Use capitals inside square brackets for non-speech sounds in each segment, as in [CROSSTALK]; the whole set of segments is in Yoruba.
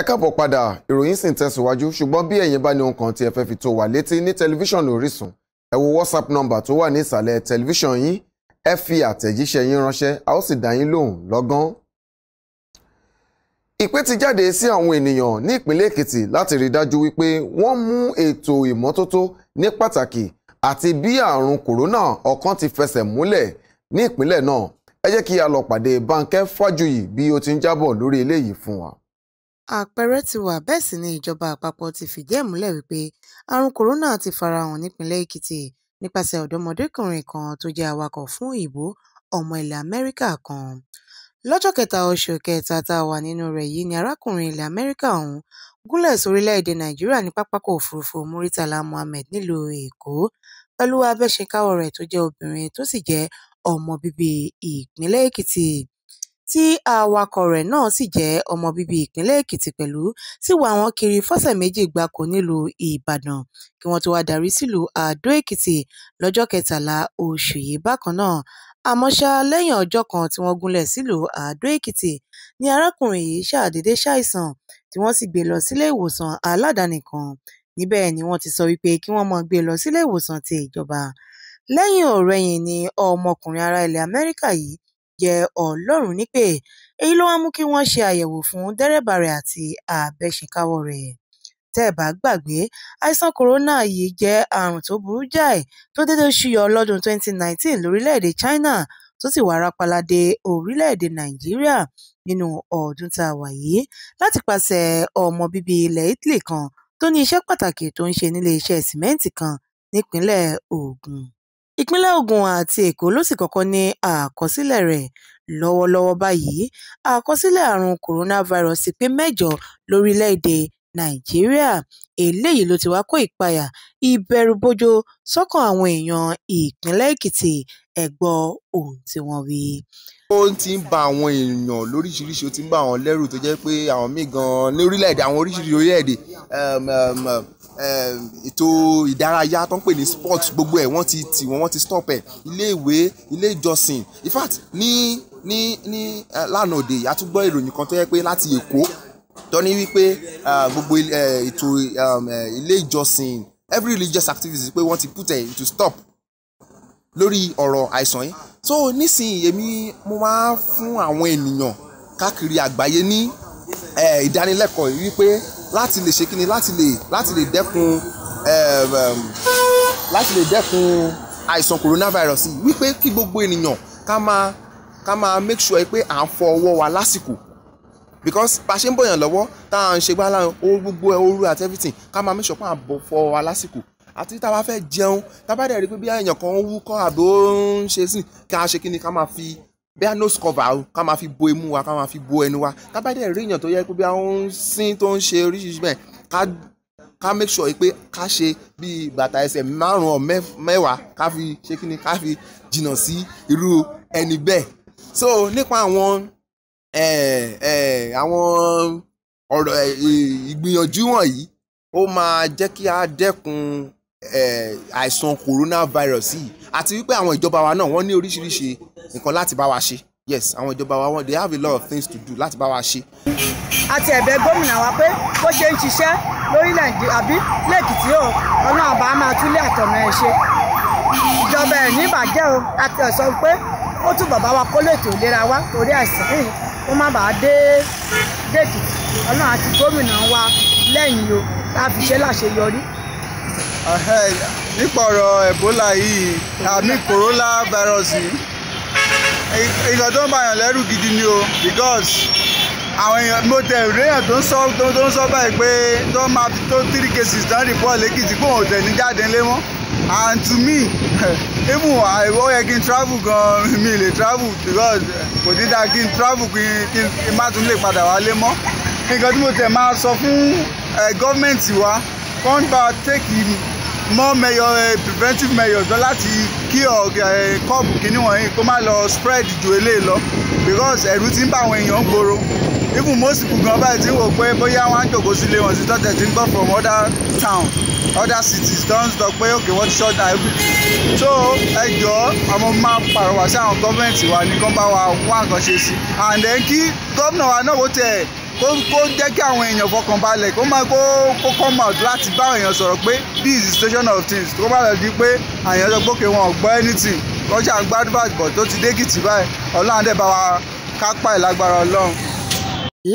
ẹ káàbọ̀ padà ìròyìn sì ń tẹ̀síwájú ṣùgbọ́n bí ẹ̀yin bá ní ohun kan tí ẹ fẹ́ fi tó wà létí ní tẹlifíṣàn Orísun ẹ wo WhatsApp nọ́mbà tó wà ní ìsàlẹ̀ tẹlifíṣàn yín ẹ fi àtẹ̀jíṣẹ́ yín ránṣẹ́ a ó sì dá yín lóhùn lọ́gán. ìpè ti jáde sí àwọn ènìyàn ní ìpínlẹ̀ Èkìtì láti rí dájú wípé wọ́n mú ètò ìmọ́tótó ní pàtàkì àti bí àrùn kòrónà ọ̀kan ti fẹsẹ̀ múlẹ̀ ní ìpínlẹ̀ náà ẹ jẹ́ kí a lọ pàdé Bánkẹ́ Fájuyì bí ó ti ń jábọ̀ lórí eléyìí fún wa. Àpẹẹrẹ ti wà bẹ́ẹ̀ sì ni ìjọba àpapọ̀ ti fìdí ẹ̀ múlẹ̀ wípé àrùn kòrónà ti farahàn nípìnlẹ̀ Èkìtì nípasẹ̀ ọ̀dọ́mọdékùnrin kan tó jẹ́ awakọ̀ fún Òyìnbó ọmọ ilẹ̀ Amẹ́ríkà kan. Lọ́jọ́ kẹta oṣù kẹta tá a wà nínúu rẹ̀ yìí ni arákùnrin ilẹ̀ Amẹ́ríkà ọ̀hún gúnlẹ̀ sórílẹ̀-èdè Nàìjíríà ní pápákọ̀ òfurufú Muritala Muhammed nílùú Èkó pẹ̀lú abẹ́ṣekáwọ rẹ̀ tó jẹ́ obìnrin tó sì jẹ́ ọmọ bíbí ìpínlẹ̀ Èkìtì tí awakọ̀ rẹ̀ náà sì jẹ́ ọmọ bíbí ìpínlẹ̀ Èkìtì pẹ̀lú sì wà wọ́n kiri fọ́sẹ̀ méjì gbáko nílùú Ìbàdàn kí wọ́n tó wá darí sílùú Àdó-Èkìtì lọ́jọ́ kẹtàlá oṣù yìí bákan náà, àmọ́ ṣá lẹ́yìn ọjọ́ kan tí wọ́n gúnlẹ̀ sílùú Àdó-Èkìtì ni arákùnrin yìí ṣàdédé ṣàìsàn tí wọ́n sì gbé lọ sílé ìwòsàn aládàáni kan, níbẹ̀ ni wọ́n ti sọ wípé kí wọ́n máa gbé e lọ sílé ìwòsàn ti ìjọba. Lẹ́yìn-ọ̀-rẹyìn ni ọmọkùnrin ará ilẹ̀ Amẹ́ríkà yìí yẹ ọlọ́run nípè èyí ló wá mú kí wọ́n ṣe àyẹ̀wò fún dẹ́rẹ́bà rẹ̀ àti àbẹ̀ṣẹ̀káwọ́ rẹ̀ tẹ́ ẹ bá gbàgbé àìsàn kòrónà yìí jẹ́ àrùn tó burú jáì tó déédé ṣúyọ lọ́dún 2019 lórílẹ̀‐èdè China tó sì wá rápálá dé orílẹ̀‐èdè Nàìjíríà nínú ọdún tá a wà yìí láti pàṣẹ ọmọ bíbí ilẹ̀ Italy kan tó ní iṣẹ́ pàtàkì tó ń ṣe nílé iṣẹ́ sìmẹ́ǹtì kan nípínlẹ̀ Ògùn Ìpínlẹ̀ Ògùn àti Èkó ló sì kọ́kọ́ ní àkọsílẹ̀ rẹ̀. Lọ́wọ́lọ́wọ́ báyìí, àkọsílẹ̀ àrùn kòrónàfàírọ́ọ̀sì ti pé mẹ́jọ lórílẹ̀-èdè Nàìjíríà. Eléyìí ló ti wá kó ìpayà, ìbẹ̀rùbojo sọ́kàn àwọn èèyàn ìpínlẹ̀ Èkìtì. Ẹ gbọ́ ohun tí wọ́n wí. Ó ti ń ba àwọn èèyàn lóríṣiríṣi, ó ti ń ba àwọn lẹ́rù tó jẹ́ pé àwọn míì gan-an ní orílẹ̀-èdè, àwọn oríṣiríṣi orílẹ̀-èdè um, um, Um, ètò ìdárayá tó ń pè ní sport gbogbo ẹ̀ wọ́n ti tì wọ́n wọ́n ti stop ẹ̀ ilé ìwé ilé ìjọsìn in fact ní ní ní uh, lánàá òde yìí a tún gbọ́ ìròyìn kan tó yẹ pé láti Èkó tó ní wípé uh, gbogbo uh, ètò um, ilé ìjọsìn every religious activity pé wọ́n ti put it to stop lórí ọ̀rọ̀ àìsàn yìí so nísìnyí èmi mo máa fún àwọn ènìyàn káàkiri àgbáyé ní ìdánilẹ́kọ̀ọ́ wípé láti lè ṣe kí ni láti lè láti lè dẹ́kun ehm, ehm, láti lè dẹ́kun àìsàn coronavirus yìí wípé kí gbogbo ènìyàn ká máa ká máa make sure pé à ń fọ ọwọ́ wa lásìkò because bá a ṣe ń bọ̀yàn lọ́wọ́ tá à ń ṣe gbálá ooru gbogbo ooru àti everything ká máa make sure pé à ń bọ̀ fọ ọwọ́ wa lásìkò àti tá a bá fẹ́ jẹun tá a bá dẹ̀ rí pé bí èèyàn kan ń wúkọ́ àbí ó ń ṣe sí ká ṣe kí ni ká máa fi bẹ́ẹ̀ nose cover ká máa fi bo imú wa ká máa fi bo ẹnu wa ká bá dẹ̀ rí èèyàn tó yẹ pé bí a ń sín tó ń ṣe oríṣiríṣi bẹ́ẹ̀ ká ká make sure pé ká ṣe bíi bàtà ẹsẹ̀ márùn-ún mẹ́wàá ká fi ṣe kí ni ká fi jìnnà sí irú ẹni bẹ́ẹ̀ so nípa àwọn àwọn ọ̀rọ̀ ìgbìyànjú wọ̀nyí ó máa jẹ́ kí a dẹ́kun àìsàn coronavirus yìí àti wípé àwọn ìjọba wa náà wọ́n ní oríṣiríṣi nǹkan láti bá wa ṣe yes àwọn ìjọba wa wọn they have a lot of things to do láti bá wa ṣe. àti ẹ̀bẹ̀ gómìnà wa pé bó ṣe ń ṣiṣẹ́ lórílẹ̀ àbí lẹ́kìtì o ọ̀nà àbá máa túlẹ̀ àtọ̀nà ẹ̀ ṣe ìjọba ẹ̀ ní ìbàjẹ́ o àti ẹ̀ sọ pé ó tún bàbá wa kó lètò ìlera wa torí àìsàn yìí kó má bàa dé dèkì ọ̀nà àti gómìnà wa lẹ́yìn o ká fi ṣe láṣeyọrí. nípa ọ̀rọ̀ Ebola yìí àmì coronavirus yìí nǹkan tó ń bàyàn lẹ́rù gidi ni o because àwọn èèyàn mo tẹ̀ réèyàn tó ń sọ tó ń sọ báyìí pé tó máa tó three cases tán report lẹ́kìtì kó òun tẹ̀ ní jáde ńlẹ́ mọ́ and to me [LAUGHS] even ó yẹ kí n travel gan [LAUGHS] mi lè travel because kò ní dáa kí n travel kí n má tún lè padà wálé mọ́ nǹkan tí mo tẹ̀ máa sọ fún eh, gọ́ọ̀mẹ̀ntì wa kọ́ńtà take more measure, eh, preventive measures lọ láti kí kọ́ọ̀bù eh, kínní wọ̀nyí kó má lọ spread ju eléyìí lọ because ẹ̀rù ti ń bá àwọn èèyàn gbòòrò even most people gan báyìí ti ń wò pé bóyá wọn á jòkó sílé wọn sí tọ́tẹ̀ tí ń gbọ́ from other towns, other cities don sọ pé okay wọ́n ti shut down everything so ẹ jọ̀ọ́ àwọn máa pàrọwà sí àwọn gọ́ọ̀mẹ̀ntì wa ní kán bá wa wá nǹkan ṣe sí and then kí gómìnà wa náà wò tẹ̀ kó kó jẹ́ kí àwọn èèyàn fọkàn balẹ̀ kó máa kó kó come out láti bá èèyàn sọ̀rọ̀ pé this is station of things kó má lọ di pé àyàn sọ pé wọn ò gbọ́ anything kọjá gbádùbà bọ̀ tó ti dé báyìí ọlọ́run dẹ̀ bá wa kápá ẹ̀ lágbára ọlọ́run.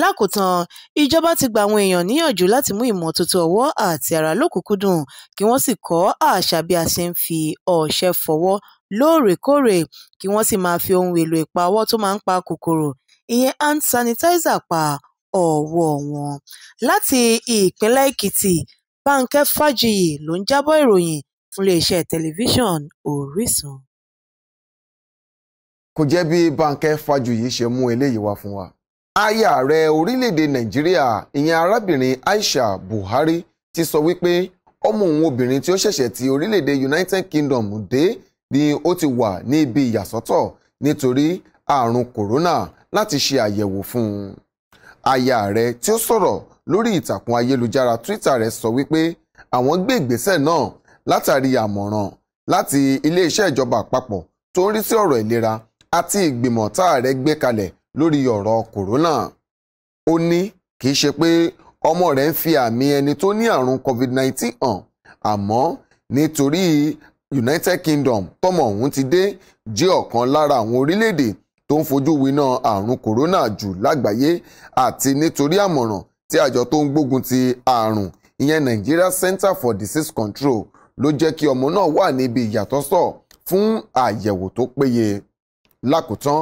lákòótán ìjọba ti gba àwọn èèyàn níyànjú láti mú ìmọ́tótó ọwọ́ àti ara lókùnkúndùn kí wọ́n sì kọ́ àṣà bí a ṣe ń fi ọṣẹ fọwọ́ lóòrèkóòrè kí wọ́n sì máa fi ohun èlò ìpawọ́ tó máa ń pa kòkòrò ìyẹn hand sanitizer pa ọ̀wọ̀ wọn. Láti ìpínlẹ̀ Èkìtì, Bánkẹ́ Fájuyì ló ń jábọ̀ ìròyìn fún iléeṣẹ́ tẹlifíṣàn Orísun. Kò jẹ́ bí Bánkẹ́ Fájuyì ṣe mú eléyìí wá fún wa. Aya ààrẹ orílẹ̀-èdè Nàìjíríà, ìyẹn arábìnrin Aisha Buhari ti sọ wípé ọmọ òun obìnrin tí ó ṣẹ̀ṣẹ̀ ti orílẹ̀-èdè United Kingdom dé ni ó ti wà ní ibi ìyàsọ́tọ̀ nítorí àrùn kòrónà láti ṣe àyẹ̀wò fún un aya rẹ̀ tí ó sọ̀rọ̀ lórí ìtàkùn ayélujára Twitter rẹ̀ sọ wípé àwọn gbé ìgbésẹ̀ náà látàrí àmọ̀ràn láti iléeṣẹ́ ìjọba àpapọ̀ tó ń rí sí ọ̀rọ̀ ìlera àti ìgbìmọ̀ tá a rẹ̀ gbé kalẹ̀ lórí ọ̀rọ̀ kòrónà ó ní kì í ṣe pé ọmọ rẹ̀ ń fi àmì ẹni tó ní àrùn COVID-19 hàn àmọ́ nítorí United Kingdom tọmọ ọ̀hún ti dé jẹ́ ọ̀kan lára àwọn orílẹ̀-èdè tó ń fojú winá àrùn kòrónà jù lágbàáyé àti nítorí àmọ̀ràn tí àjọ tó ń gbógun ti àrùn ìyẹn Nigeria Center for Disease Control ló jẹ́ kí ọmọ náà wà níbi ìyàtọ̀sọ̀ fún àyẹ̀wò tó péye lákòótán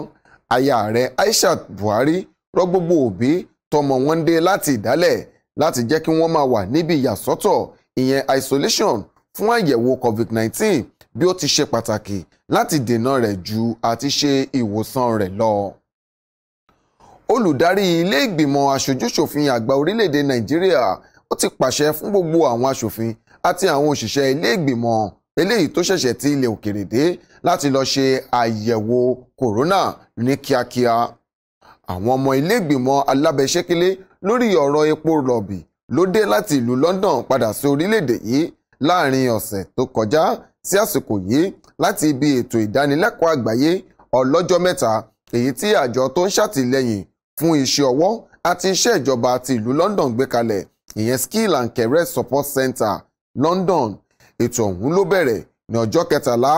aya ààrẹ Aishat Buhari rọ gbogbo òbí tọmọ wọn dé láti ìdálẹ̀ láti jẹ́ kí wọ́n máa wà níbi ìyàsọ́tọ̀ ìyẹn isolation fún àyẹ̀wò covid nineteen bí ó ti ṣe pàtàkì láti dènà rẹ̀ ju àti ṣe ìwòsàn rẹ̀ lọ. olùdarí ilé ìgbìmọ̀ aṣojúṣòfin àgbà orílẹ̀-èdè nàìjíríà ó ti pàṣẹ fún gbogbo àwọn aṣòfin àti àwọn òṣìṣẹ́ ilé ìgbìmọ̀ eléyìí tó ṣẹ̀ṣẹ̀ ti ilẹ̀ òkèrè dé láti lọ ṣe àyẹ̀wò kòrónà ní kíákíá àwọn ọmọ ilé ìgbìmọ̀ alábẹ́sẹ́kélé lórí ọ̀rọ̀ epo rọ̀bì ló dé láti ìlú London padà sí orílẹ̀-èdè yìí láàrin ọ̀sẹ̀ tó kọjá sí àsìkò yìí láti ibi ètò ìdánilẹ́kọ̀ọ́ àgbáyé ọlọ́jọ́ mẹ́ta èyí tí àjọ tó ń ṣàtìlẹ́yìn fún iṣẹ́ ọwọ́ àti iṣẹ́ ìjọba ti ìlú London gbé kalẹ̀ ìyẹn Skill and Career Support center London ètò ọ̀hún ló bẹ̀rẹ̀ ní ọjọ́ kẹtàlá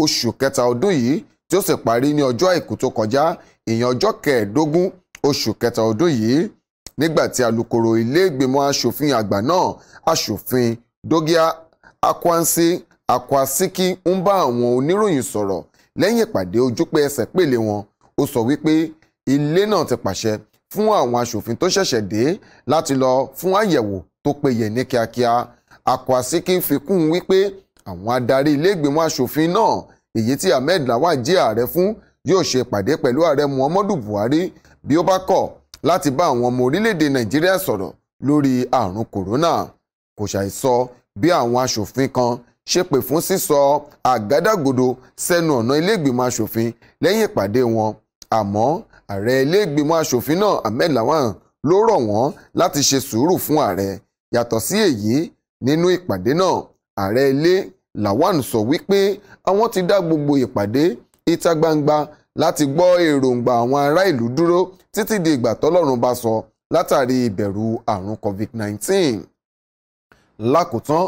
oṣù kẹta ọdún yìí tí ó sì parí ní ọjọ́ àìkú tó kọjá ìyẹn ọjọ́ kẹẹ̀ẹ́dógún oṣù kẹta ọdún yìí nígbà tí alukoro ilé ìgbìmọ̀ asòfin àgbà náà asòfin Dogia Akwansi Akwasiki ń bá àwọn oníròyìn sọ̀rọ̀ lẹ́yìn ìpàdé ojúpẹ ẹsẹ̀ pèlè wọn ó sọ wípé ilé náà ti pàṣẹ fún àwọn aṣòfin tó ṣẹ̀ṣẹ̀ dé láti lọ fún àyẹ̀wò tó péye ní kíákíá Akwasiki fi kún un wípé àwọn adarí iléègbìmọ̀ aṣòfin náà èyí tí Ahmed Lawan jẹ́ ààrẹ fún yóò ṣe ìpàdé pẹ̀lú ààrẹ Muhammadu Buhari bí ó bá kọ̀ láti bá àwọn ọmọ orílẹ̀-èdè Nàìjíríà sọ̀rọ̀ lórí àrùn kòrónà kò ṣàìsọ bí àwọn aṣòfin kan ṣépè fún sísọ àgádágodo sẹ́nu ọ̀nà iléègbìmọ̀ asòfin lẹ́yìn ìpàdé wọn àmọ́ ààrẹ iléègbìmọ̀ asòfin náà Ahmed Lawan ló rọ̀ wọ́n láti ṣe sùúrù fún ààrẹ yàtọ̀ sí èyí nínú ìpàdé náà ààrẹ ilé Lawan sọ wípé àwọn ti dá gbogbo ìpàdé ìta gbangba láti gbọ́ èròǹgbà àwọn ará ìlú dúró títí di ìgbà tọ́lọ́run bá sọ látàrí ìbẹ̀rù àrùn COVID-19 lákòótán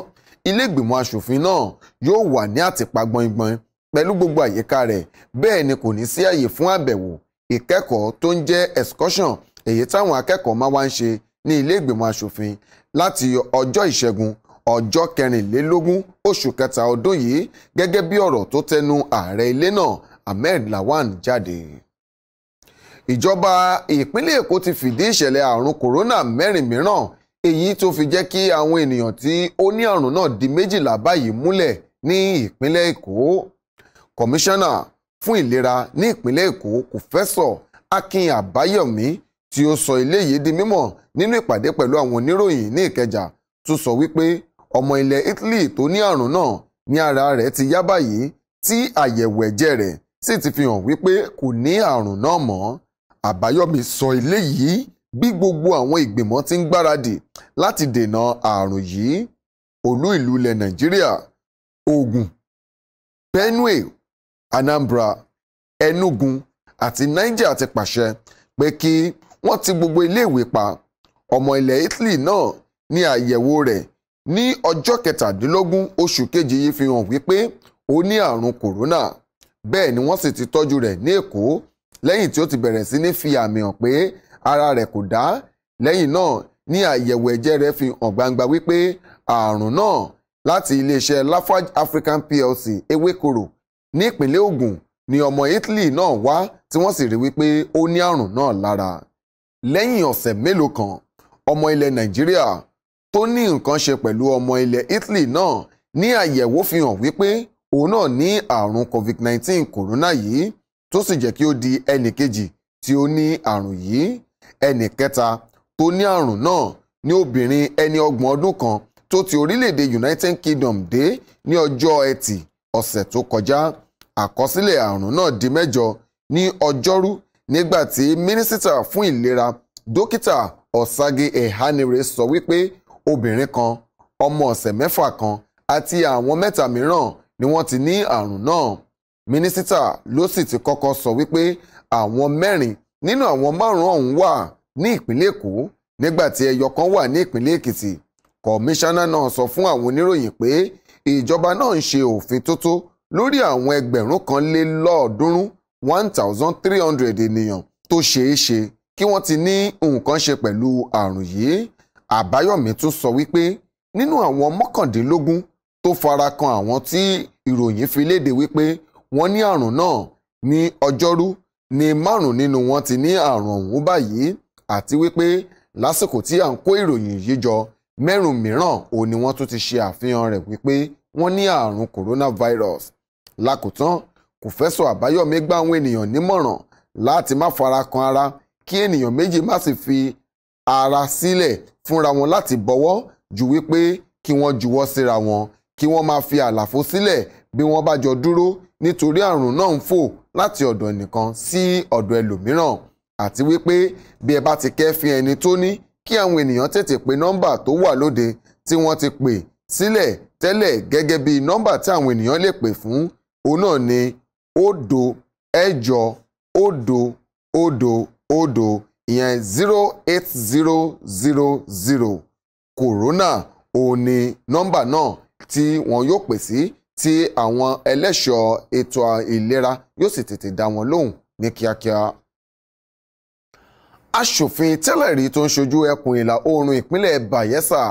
ilé ìgbìmọ̀ asòfin náà yóò wà ní àtìpa gbọ̀ngbọ̀n pẹ̀lú gbogbo àyíká rẹ̀ bẹ́ẹ̀ ni kò ní sí àyè fún àbẹ̀wò ìkẹ́kọ̀ọ́ tó ń jẹ́ excursion èyí táwọn akẹ́kọ̀ọ́ máa wá ń ṣe ní ilé ìgbìmọ̀ asòfin láti ọjọ́ ìṣẹ́gun ọjọ́ kẹrìnlélógún oṣù kẹta ọdún yìí gẹ́gẹ́ bí ọ̀rọ̀ tó tẹnu ààrẹ ilé náà Ahmed Lawan jáde ìjọba ìpínlẹ̀ Èkó ti fìdí ìṣẹ̀lẹ̀ àrùn kòrónà mẹ́rin mìíràn èyí tó fi jẹ́ kí àwọn ènìyàn tí ó ní àrùn náà di méjìlá báyìí múlẹ̀ ní ìpínlẹ̀ Èkó kọmíṣánná fún ìlera ní ìpínlẹ̀ Èkó kòfẹ́sọ̀ Akin Àbáyọ̀mí tí ó sọ eléyìí di mímọ̀ nínú ìpàdé pẹ̀lú àwọn oníròyìn ní Ìkẹjà tún sọ wípé ọmọ ilẹ̀ Italy tó ní àrùn náà ní ara rẹ̀ ti yá báyìí tí àyẹ̀wò ẹ̀jẹ̀ rẹ̀ sì ti fi hàn wípé kò ní àrùn náà mọ́ Àbáyọ̀mí sọ eléyìí bí gbogbo àwọn ìgbìmọ̀ ti ń gbáradì láti dènà ààrùn yìí olú ìlú ilẹ̀ Nàìjíríà Ogun, Benue Anambra Enugu àti Niger ti pàṣẹ pé kí wọ́n ti gbogbo iléèwé pa ọmọ ilẹ̀ Italy náà ní àyẹ̀wò rẹ̀ ní ọjọ́ kẹtàdínlógún oṣù kejì yìí fi hàn wípé ó ní àrùn kòrónà bẹ́ẹ̀ ni wọ́n sì ti tọ́jú rẹ̀ ní Èkó lẹ́yìn tí ó ti bẹ̀rẹ̀ sí ní fi àmì hàn pé ara rẹ̀ kò dá lẹ́yìn náà ní àyẹ̀wò ẹ̀jẹ̀ rẹ̀ fi hàn gbangba wípé ààrùn náà láti iléeṣẹ́ Lafarge African PLC ewékorò ní ìpínlẹ̀ Ògùn ni ọmọ Italy náà wá tí wọ́n sì rí wípé ó ní ààrùn náà lára lẹ́yìn ọ̀sẹ̀ mélòó kan ọmọ ilẹ̀ Nàìjíríà tó ní nǹkan ṣe pẹ̀lú ọmọ ilẹ̀ Italy náà ní àyẹ̀wò fi hàn wípé òun náà ní ààrùn COVID-19 corona yìí tó sì jẹ́ kí ó di ẹnìkejì tí ó ní ààrùn yìí ẹnì kẹta tó ní àrùn náà ní obìnrin ẹni ọgbọ̀n ọdún kan tó ti orílẹ̀-èdè United Kingdom dé ní ọjọ́ ẹtì ọ̀sẹ̀ tó kọjá àkọsílẹ̀ àrùn náà di mẹ́jọ ní ọjọ́rú nígbà tí mínísítà fún ìlera dókítà ọ̀sági ẹ̀hánire sọ wípé obìnrin kan ọmọ ọ̀sẹ̀ mẹ́fà kan àti àwọn mẹ́ta mìíràn ni wọ́n ti ní àrùn náà mínísítà ló sì ti kọ́kọ́ sọ wípé àwọn mẹ́rin nínú àwọn márùn-ún ọ̀hún wà ní ìpínlẹ̀ èkó nígbà tí ẹyọ kan wà ní ìpínlẹ̀ èkìtì kọmíṣánná náà sọ fún àwọn oníròyìn pé ìjọba náà ń ṣe òfin tótó lórí àwọn ẹgbẹ̀rún kan lé lọ́ọ̀ọ́dúnrún one thousand three hundred ènìyàn tó ṣeé ṣe kí wọ́n ti ní nǹkan ṣe pẹ̀lú àrùn yìí àbáyọ̀mí tún sọ wípé nínú àwọn mọ́kàndínlógún tó fara kan àwọn tí ìròyìn fi léde wípé wọ́n ní àrùn náà ní ọjọ́rú ni márùn nínú wọn ti ní àrùn ọ̀hún báyìí àti wípé lásìkò tí à ń kó ìròyìn yìí jọ mẹ́rùn mìíràn ò ní wọ́n tún ti ṣe àfihàn rẹ̀ wípé wọ́n ní àrùn coronavirus lákòótán kòfẹ́sọ̀ àbáyọ̀mí gba àwọn ènìyàn nímọ̀ràn láti má fara kan ara kí ènìyàn méjì má sì fi ara sílẹ̀ fúnra wọn láti bọ́wọ́ ju wípé kí wọ́n juwọ́ síra wọn kí wọ́n máa fi àlàfo sílẹ̀ bí wọ́n bá jọ dúró nítorí àrùn náà ń fò láti ọ̀dọ̀ ẹnìkan sí ọ̀dọ̀ ẹlòmíràn àti wípé bí ẹ bá ti kẹ́fín ẹni tó ní kí àwọn ènìyàn tètè pe nọ́mbà tó wà lóde tí wọ́n ti pè sílẹ̀ tẹ́lẹ̀ gẹ́gẹ́ bí nọ́mbà tí àwọn ènìyàn lè pè fún òun náà ni òdo ẹ̀jọ òdo òdo òdo ìyẹn zero eight zero zero zero corona òun ni nọ́mbà náà tí wọ́n yóò pè sí tí àwọn ẹlẹ́ṣọ̀ọ́ ètò ìlera yóò sì tètè dá wọn lóhùn ní kíákíá. aṣòfin tẹ́lẹ̀ rí tó ń ṣojú ẹkùn ìlà oòrùn ìpínlẹ̀ Bayelsa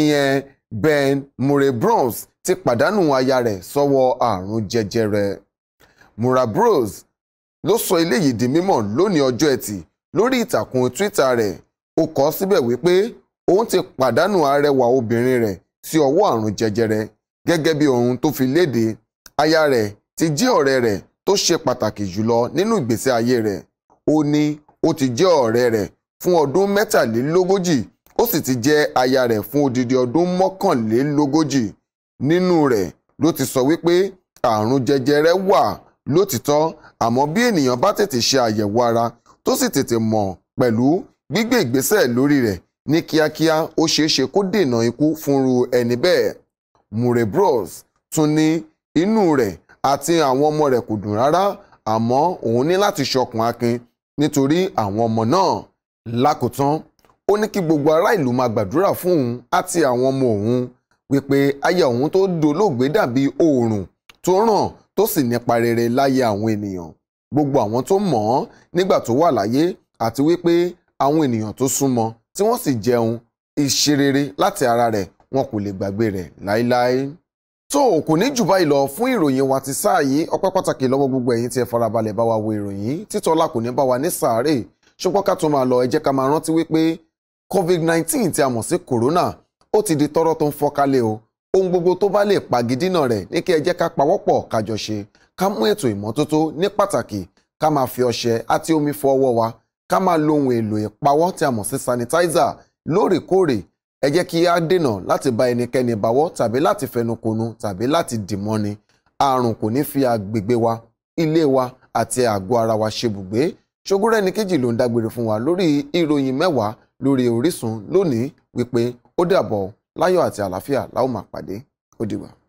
ìyẹn Ben Murebros ti pàdánù aya rẹ̀ sọ́wọ́ àrùn jẹjẹrẹ. Murebros ló sọ eléyìí di mímọ̀ lónìí ọjọ́ ẹtì lórí ìtàkùn Twitter rẹ̀ ó kọ síbẹ̀ wípé òun ti pàdánù arẹwà obìnrin rẹ̀ sí ọwọ́ àrùn jẹjẹrẹ gẹ́gẹ́ bí ohun tó fi léde aya rẹ̀ ti jẹ́ ọ̀rẹ́ rẹ̀ tó ṣe pàtàkì jùlọ nínú ìgbésí ayé rẹ̀ ó ní ó ti jẹ́ ọ̀rẹ́ rẹ̀ fún ọdún mẹ́tàlélógójì ó sì ti jẹ́ aya rẹ̀ fún odidi ọdún mọ́kànlélógójì nínú rẹ̀ ló ti sọ wípé àrùn jẹjẹrẹ wà lótìtọ́ àmọ́ bí ènìyàn bá tètè ṣe àyẹ̀wò ara tó sì tètè mọ̀ pẹ̀lú gbígbé ìgbésẹ̀ lórí rẹ̀ ní kíákíá ó ṣeé kó dènà ikú fúnru ẹni bẹ́ẹ̀ Mure Bros tún ní inú rẹ̀ àti àwọn ọmọ rẹ̀ kò dùn rárá àmọ́ òun ní láti ṣọkùn akin nítorí àwọn ọmọ náà lákòótán ó ní kí gbogbo ará ìlú máa gbàdúrà fún òun àti àwọn ọmọ òun wípé aya òun tó dolóògbé dàbí oòrùn tó ràn tó sì nípa rere láyé àwọn ènìyàn gbogbo àwọn tó mọ̀ ọ́n nígbà tó wà láyé àti wípé àwọn ènìyàn tó súnmọ́ tí wọ́n sì jẹun ìṣerere láti ara rẹ̀ wọn kò lè gbàgbé rẹ̀ láéláé. tó o kò ní jù báyìí lọ fún ìròyìn wa ti sáà yìí ọpẹ́ pàtàkì lọ́wọ́ gbogbo ẹ̀yin tí ẹ farabalẹ̀ bá wa wo ìròyìn títọ́lá kò ní bá wa ní sàárè ṣùgbọ́n ká tó máa lọ ẹ ká máa rántí wípé covid-19 tí a mọ̀ sí corona ó ti di tọ́rọ́ tó ń fọ́kálẹ̀ o ohun gbogbo tó bá lè pagidínà rẹ̀ ní kí ẹ jẹ́ ká pawọ́pọ̀ kájọ ṣe ká mú ètò ìmọ́tótó ní pàtàkì ká máa fi ọṣẹ àti omi fọ ọwọ́ wa ká máa lo ohun èlò ìpawọ́ tí a mọ̀ sí sanitizer lóòrèkóòrè ẹ jẹ́ kí a dènà láti bá ẹnikẹ́ni báwọ́ tàbí láti fẹnukonu tàbí láti dìmọ́ni àrùn kò ní fi àgbègbè wa ilé wa àti àgọ́ ara wa ṣebùgbé ṣogúnrẹ́ ní kejì ló ń dágbére fún wa lórí ìròyìn mẹ́wàá lórí Orísun lónìí wípé ó dàbọ̀ láyọ̀ àti àlàáfíà la máa pàdé ó dìgbà.